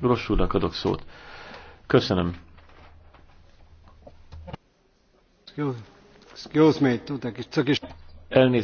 Gross adok szót. Köszönöm. Excuse me, csak is. Elnézést.